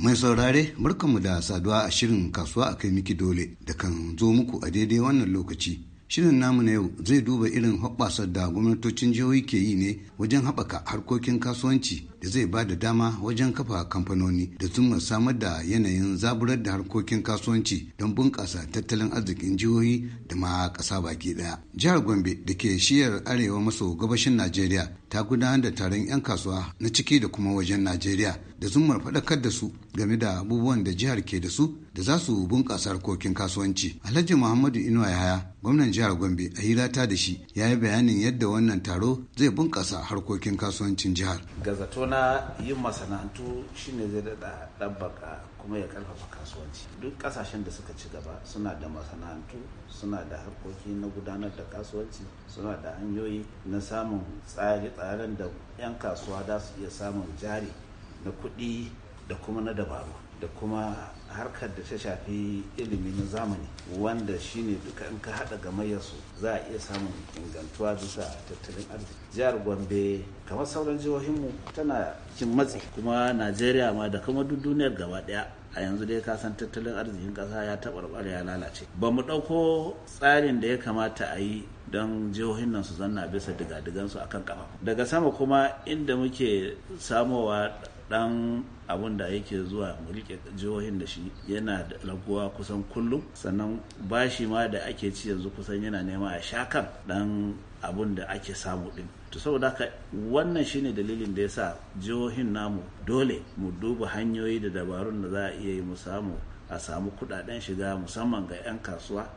Mai saurare barkanmu da saduwa a shirin kasuwa a kai miki dole da kan zo muku a daidai wannan lokaci Shirin namu na yau zai duba irin hoɓɓasar da gwamnatocin jihohi ke yi ne wajen haɓaka harkokin kasuwanci da zai ba da dama wajen kafa kamfanoni da zuma samar da yanayin zaburar da harkokin kasuwanci don bunƙasa tattalin arzikin jihohi da ma ƙasa baki ɗaya. Jihar Gombe da ke shiyar arewa maso gabashin Najeriya ta gudanar da taron 'yan kasuwa na ciki da kuma wajen Najeriya da zumar faɗakar da su game da abubuwan da jihar ke da su da za su bunƙasa harkokin kasuwanci. Alhaji Muhammadu Inuwa Yahaya, gwamnan jihar Gombe, a hirata da shi, ya yi bayanin yadda wannan taro zai bunƙasa harkokin kasuwancin jihar. Gazato na yin masana'antu shine zai daɗa ɗabbaka kuma ya ƙarfafa kasuwanci. Duk ƙasashen da suka ci gaba suna da masana'antu, suna da harkoki na gudanar da kasuwanci, suna da hanyoyi na samun tsare-tsaren da 'yan kasuwa za su iya samun jari na kuɗi da kuma na dabaru da kuma harkar da ta shafi ilimi na zamani wanda shine duka in ka haɗa ga za a iya samun ingantuwa bisa tattalin arziki jihar gombe kamar sauran jihohinmu tana cin matsi kuma najeriya ma da kuma duk duniyar gaba ɗaya a yanzu dai ka san tattalin arzikin kasa ya taɓarɓare ya lalace ba mu ɗauko tsarin da ya kamata a yi don jihohin nan su zanna bisa diga-digansu diga-digansu akan kafa daga sama kuma inda muke samowa dan abun da yake zuwa mulke jihohin da shi yana da raguwa kusan kullum sannan bashi ma da ake ci yanzu kusan yana nema a shakan dan abun da ake samu din to saboda haka wannan shine dalilin da yasa jihohin namu dole mu duba hanyoyi da dabarun da za a iya yi mu samu a samu kudaden shiga musamman ga 'yan kasuwa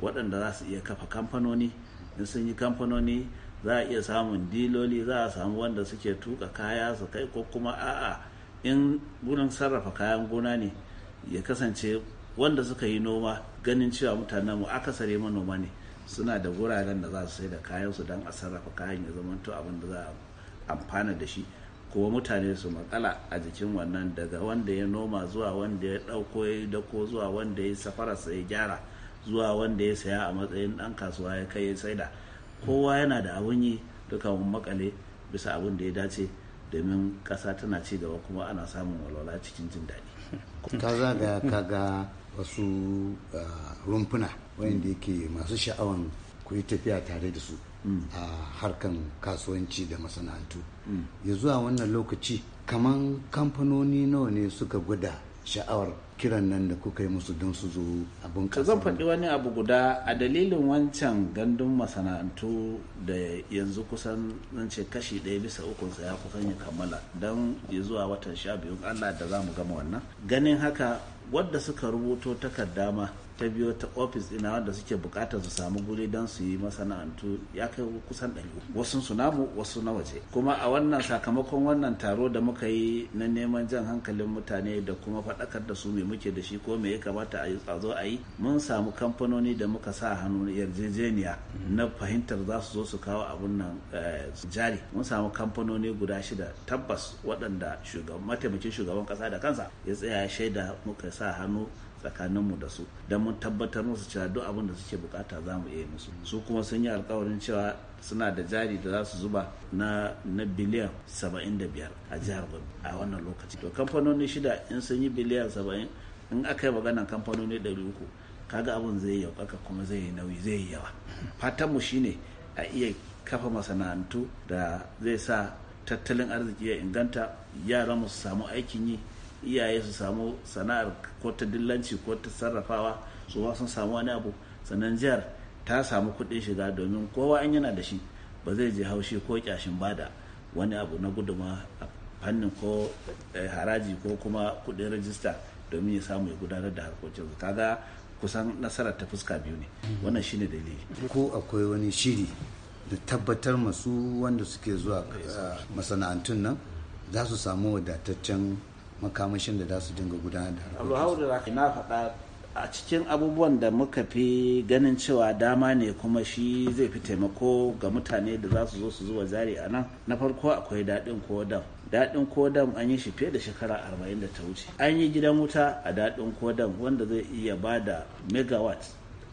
waɗanda za su iya kafa kamfanoni in sun yi kamfanoni za a iya samun diloli za a samu wanda suke tuka kaya su kai ko kuma a'a in gurin sarrafa kayan gona ne ya kasance wanda suka yi noma ganin cewa mutanen mu akasare manoma ne suna da guraren da za su sai da kayan su don a sarrafa kayan ya zama abin da za a amfana da shi kuma mutane su makala a jikin wannan daga wanda ya noma zuwa wanda ya dauko ya dako zuwa wanda ya safara ya gyara zuwa wanda ya saya a matsayin dan kasuwa ya kai ya saida kowa yana da abin yi duka mun makale bisa abin da ya dace domin ƙasa tana ci gaba kuma ana samun walwala cikin jin daɗi. ka zaga kaga wasu ah, rumfuna wayanda yake masu sha'awan ku yi tafiya tare da su mm. a harkan kasuwanci da masana'antu mm. ya zuwa wannan lokaci kamar kamfanoni nawa ne suka guda. sha'awar kiran nan da kuka yi musu don su zo abin kasa zan faɗi wani abu guda a dalilin wancan gandun masana'antu da yanzu kusan zan ce kashi ɗaya bisa ukunsa ya kusan ya kammala don ya zuwa watan sha biyu allah da za mu gama wannan ganin haka wadda suka rubuto takarda ma ta biyo ta ofis ina wanda suke bukatar su samu guri don su yi masana'antu ya kai kusan ɗari wasu su wasu na waje kuma a wannan sakamakon wannan taro da muka yi na neman jan hankalin mutane da kuma faɗakar da su me muke da shi ko me ya kamata a yi tsazo a yi mun samu kamfanoni da muka sa hannu yarjejeniya na fahimtar za su zo su kawo abun nan eh, jari mun samu kamfanoni guda shida tabbas waɗanda mataimakin shugaban ƙasa da kansa ya tsaya shaida muka sa hannu tsakaninmu da su don mun tabbatar musu cewa duk abin da suke bukata za mu iya musu su kuma sun yi alkawarin cewa suna da jari da za su zuba na na biliyan 75 a jihar Gombe a wannan lokaci to kamfanoni shida in sun yi biliyan 70 in aka yi maganar kamfanoni 300 kaga abin zai yi yaukaka kuma zai yi nauyi zai yi yawa fatan mu shine a iya kafa masana'antu da zai sa tattalin arziki ya inganta yaran mu su samu aikin yi iyaye su samu sana'ar ko ta dillanci ko ta sarrafawa su ma sun samu wani abu sannan jihar ta samu kuɗin shiga domin kowa an yana da shi ba zai je haushi ko kyashin bada wani abu na guduma a fannin ko eh, haraji ko kuma kuɗin rajista domin ya samu ya gudanar da harkokinsa kaga kusan nasarar ta fuska biyu ne wannan shine dalili ko akwai wani shiri da tabbatar masu wanda suke zuwa eh, masana'antun nan za su samu wadataccen makamashin da za su dinga gudanar da harkokin na faɗa a cikin abubuwan da muka fi ganin cewa dama ne kuma shi zai fi taimako ga mutane da za su zo su zuwa jari a nan na farko akwai daɗin kodam daɗin kodam an yi shi fiye da shekara arba'in da ta wuce an yi gidan wuta a daɗin kodam wanda zai iya ba da megawatt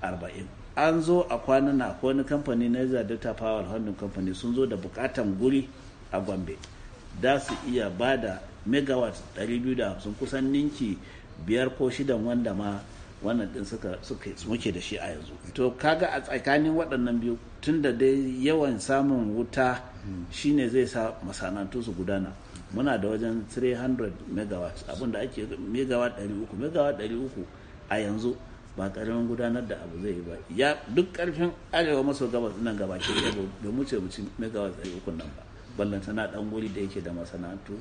arba'in an zo a kwanan na wani kamfani na data power holding company sun zo da bukatan guri a gombe da su iya ba da megawatt 250 kusan ninki biyar ko shidan wanda ma wannan din suka muke da shi a yanzu to kaga a tsakanin waɗannan biyu tun da dai yawan samun wuta shine zai sa masana'antu su gudana muna da wajen 300 megawatt abinda ake megawatt 300 megawatt 300 a yanzu ba karamin gudanar da abu zai yi ba ya duk karfin arewa maso gabas nan gaba ke da mu ce mu ci megawatt 300 nan ba ballantana dan guri da yake da masana'antu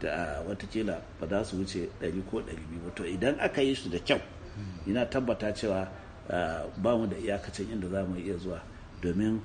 da wata watakila ba za su wuce ɗari ko ɗari 200 to idan aka yi su da kyau ina tabbata cewa ah, ba mu da iyakacin inda za mu iya zuwa domin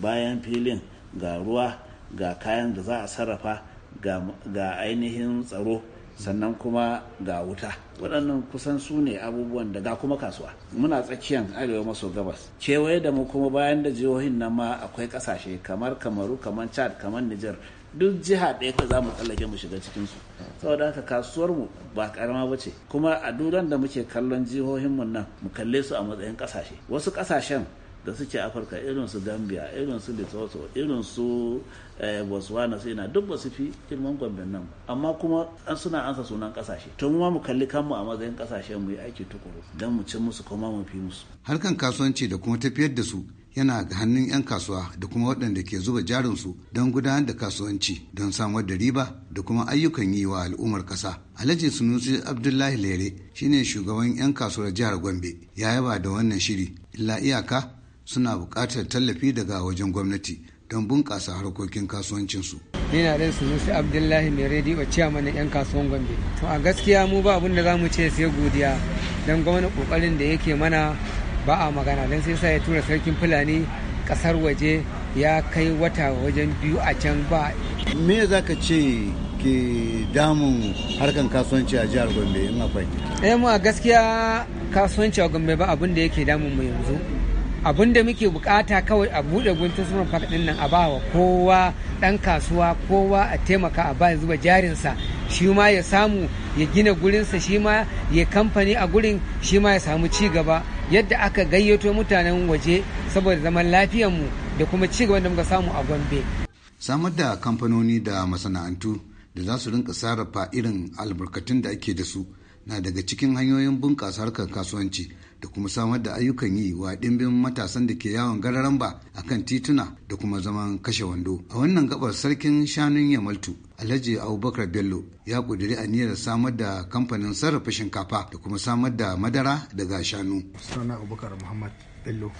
bayan filin ga ruwa ga kayan da za a sarrafa ga ainihin tsaro sannan kuma ga wuta waɗannan kusan su ne abubuwan da ga kuma kasuwa muna tsakiyan arewa maso gabas kewaye da mu kuma bayan da jihohin nan ma akwai ƙasashe kamar kamaru kamar chad kamar niger duk jiha ɗaya ka za mu tsallake mu shiga cikin su saboda haka kasuwar mu ba karama ba ce kuma a duran da muke kallon jihohin mu nan mu kalle su a matsayin kasashe wasu kasashen da suke afirka irin su gambia irin su lesotho irin su eh, botswana su ina duk ba su fi girman gwambin nan amma kuma an suna ansa sunan kasashe to mu mu kalli kanmu a matsayin kasashen mu yi aiki tukuru dan mu ci musu kuma mu fi musu harkan kasuwanci da kuma tafiyar da su yana ga hannun 'yan kasuwa da kuma waɗanda ke zuba jarinsu don gudanar da kasuwanci don samar da riba da kuma ayyukan yi wa al'ummar ƙasa. Alhaji Sunusi Abdullahi Lere shine shugaban 'yan kasuwar jihar Gombe ya yaba da wannan shiri. Illa iyaka suna buƙatar tallafi daga wajen gwamnati don bunƙasa harkokin kasuwancinsu. Ni na ɗan Sunusi Abdullahi mai rediyo ciyaman 'yan kasuwan Gombe. To a gaskiya mu ba abin da za mu ce sai godiya don gwamnati ƙoƙarin da yake mana ba a magana don sai ya tura sarkin fulani kasar waje ya kai wata wajen biyu a can ba me za ka ce ke damun harkan kasuwanci a jihar gombe in akwai eh mu a gaskiya kasuwanci a gombe ba abin da yake damun mu yanzu abin da muke bukata kawai a bude guntun sunan din nan a ba wa kowa dan kasuwa kowa a taimaka a ba zuba jarinsa shi ma ya samu ya gina gurinsa shi ma ya kamfani a gurin shi ma ya samu ci gaba yadda aka gayyato mutanen waje saboda zaman mu da kuma ci gaban da muka samu a gombe samar da kamfanoni da masana'antu da za su rinka sarrafa irin albarkatun da ake da su na daga cikin hanyoyin bunƙasa harkar kasuwanci da kuma samar da ayyukan yi wa ɗimbin matasan da ke yawon gararan ba a kan tituna da kuma zaman kashe wando. A wannan gabar sarkin shanun Yamaltu, Alhaji Abubakar Bello ya a aniyar samar da kamfanin sarrafa shinkafa da kuma samar da madara daga shanu. Sunana Abubakar Muhammad Bello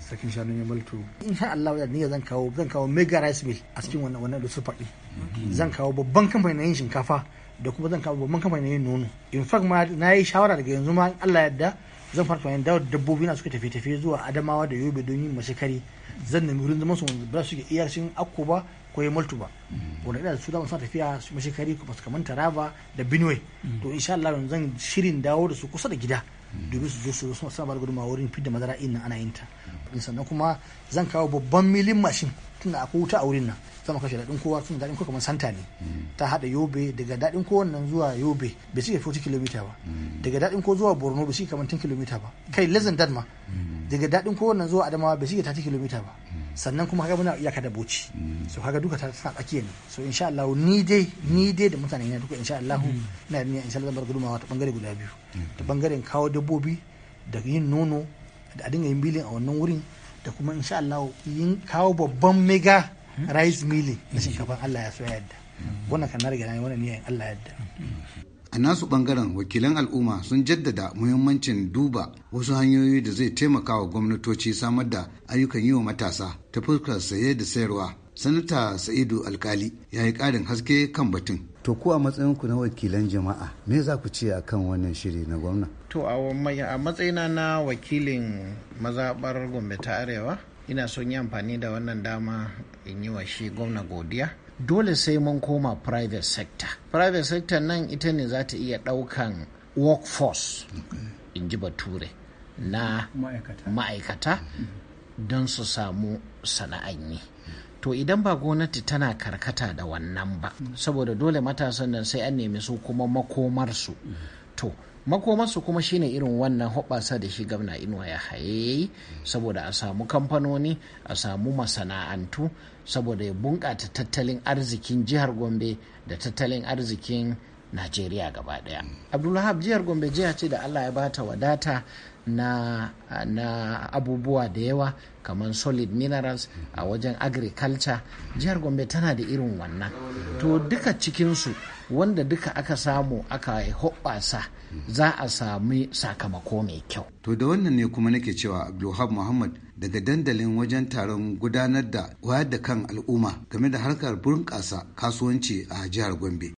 sarkin shanun Yamaltu. Insha Allah da niyya zan kawo zan kawo mega rice mill a cikin wannan wannan da su faɗi. Zan kawo babban kamfanin yin shinkafa da kuma zan kama babban kamfanin yin nono in fact ma na yi shawara daga yanzu ma Allah yadda zan fara tunanin dawo dabbobi na suka tafi tafi zuwa Adamawa da Yobe don yin mashikari zan nemi wurin zaman su ba su ke iya sun akko ba ko ya multu ba wanda ina da su dama suna tafiya su mashikari ko su kamanta Taraba da Benue to insha Allah zan shirin dawo da su kusa da gida domin su zo su suna ba da gudunmawa wurin fidda madara ina ana yin ta sannan kuma zan kawo babban milin mashin tunda akwai wuta a wurin nan zama kashe daɗin kowa tun daɗin kowa kamar santa ne ta haɗa yobe daga daɗin kowa nan zuwa yobe bai cike 40 kilomita ba daga daɗin kowa zuwa borno bai cike kamar 10 kilomita ba kai lezin dadma ma daga daɗin kowa nan zuwa adamawa bai cike 30 kilomita ba sannan kuma kaga muna iyaka da boci so kaga duka ta tana tsakiya ne so insha Allah ni dai ni dai da mutane yana duka insha Allah ina da insha Allah zan bar gudumawa ta bangare guda biyu ta bangaren kawo dabbobi da yin nono da a dinga yin bilin a wannan wurin da kuma insha Allah yin kawo babban mega rice milling na shinkafa Allah ya so yadda wannan kan riga ne wannan niyan Allah ya yadda a nasu bangaren wakilan al'umma sun jaddada muhimmancin duba wasu hanyoyi da zai taimaka wa gwamnatoci samar da ayyukan yi wa matasa ta fuskar saye da sayarwa sanata sa'idu alkali ya yi karin haske kan batun to ku a matsayinku na wakilan jama'a me za ku ce akan wannan shiri na gwamna to a matsayina na wakilin mazabar gombe ta arewa ina son yi amfani da wannan dama in yi wa shi gwamna godiya dole sai mun koma private sector private sector nan ita ne za ta iya ɗaukan workforce in ji bature na ma'aikata don su samu sana'an yi to idan ba gwamnati tana karkata da wannan ba saboda dole matasan nan sai an nemi su kuma makomarsu to makomarsu kuma shine irin wannan hoɓasa da shi na inuwa ya haye saboda a samu kamfanoni a samu masana'antu saboda ya bunƙata tattalin arzikin jihar gombe da tattalin arzikin najeriya gaba daya. abdulhab jihar gombe jiha ce da allah ya bata wadata na, na abubuwa da yawa kamar solid minerals a wajen agriculture jihar gombe tana da irin wannan to duka cikinsu wanda duka aka samu aka hoɓasa za a sami sakamako mai kyau to da wannan ne kuma nake cewa abdulhab muhammad daga dandalin wajen taron gudanar da wayar da kan al'umma game da harkar bunƙasa kasuwanci a jihar gombe